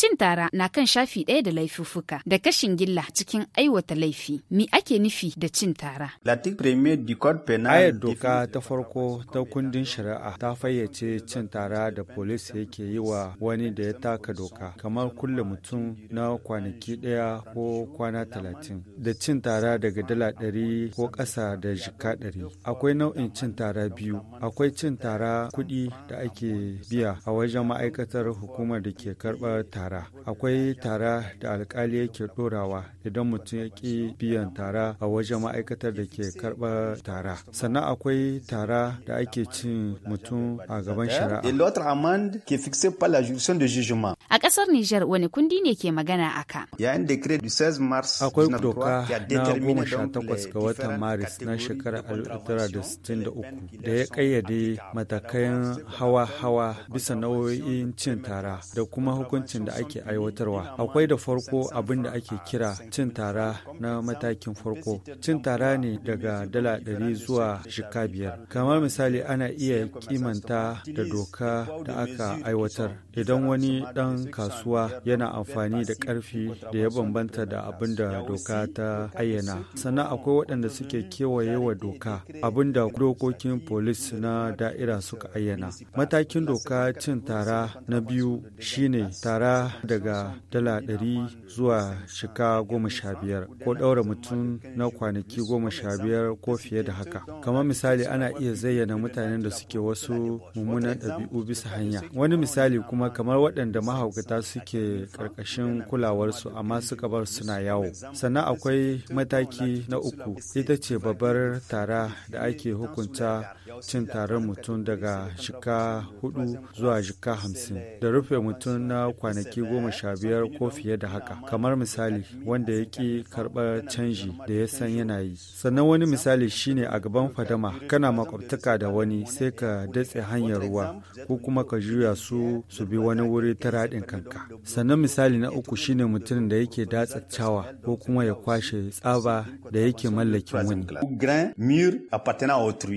去 tara na kan shafi ɗaya da laifuffuka da kashin gilla cikin aiwata laifi. Me ake nufi da cin tara? Ayar doka ta farko ta kundin shari'a ta fayyace cin tara da polis yake yi wa wani da ya taka doka kamar kulle mutum na kwanaki ɗaya ko kwana talatin da cin tara daga dala ɗari ko ƙasa da jika ɗari. Akwai nau'in cin tara biyu. Akwai cin tara kuɗi da ake biya a wajen ma'aikatar hukumar da ke karɓar tara akwai tara da alkali yake ɗorawa idan mutum ya ƙi biyan tara a wajen ma'aikatar da ke karɓar tara. Sannan akwai tara da ake cin mutum a gaban shari'a. A ƙasar Nijar wani kundi ne ke magana aka. Akwai doka na goma sha takwas ga watan Maris na shekarar 1963 da ya ƙayyade matakan hawa-hawa bisa nau'o'in cin tara da kuma hukuncin da ake aiwatarwa akwai da farko abin da ake kira cin tara na matakin farko cin tara ne daga dala ɗari zuwa shika biyar kamar misali ana iya kimanta da doka da aka aiwatar idan wani ɗan kasuwa yana amfani da ƙarfi da ya bambanta da abin da doka ta ayyana sannan akwai waɗanda suke kewaye wa doka abin da dokokin polis na da'ira suka ayyana matakin doka cin tara na biyu shine tara daga dala ɗari zuwa shika goma sha biyar ko ɗaura mutum na kwanaki goma sha biyar ko fiye da haka kamar misali ana iya zayyana mutanen da suke wasu mummunan ɗabi'u bisa hanya wani misali kuma kamar waɗanda mahaukata suke ƙarƙashin kulawarsu amma suka bar suna yawo sannan akwai mataki na uku ita ce babbar tara da ake hukunta cin taron mutum daga shika hudu zuwa shika hamsin da rufe mutum na kwanaki goma goma sha biyar ko fiye da haka kamar misali wanda ya ki karɓar canji da ya san yana yi sannan wani misali shine a gaban fadama kana makwabtaka da wani sai ka datse hanyar ruwa ko kuma ka juya su su bi wani wuri ta raɗin kanka sannan misali na uku shine mutumin da yake datsa cawa ko kuma ya kwashe tsaba da yake mallakin wani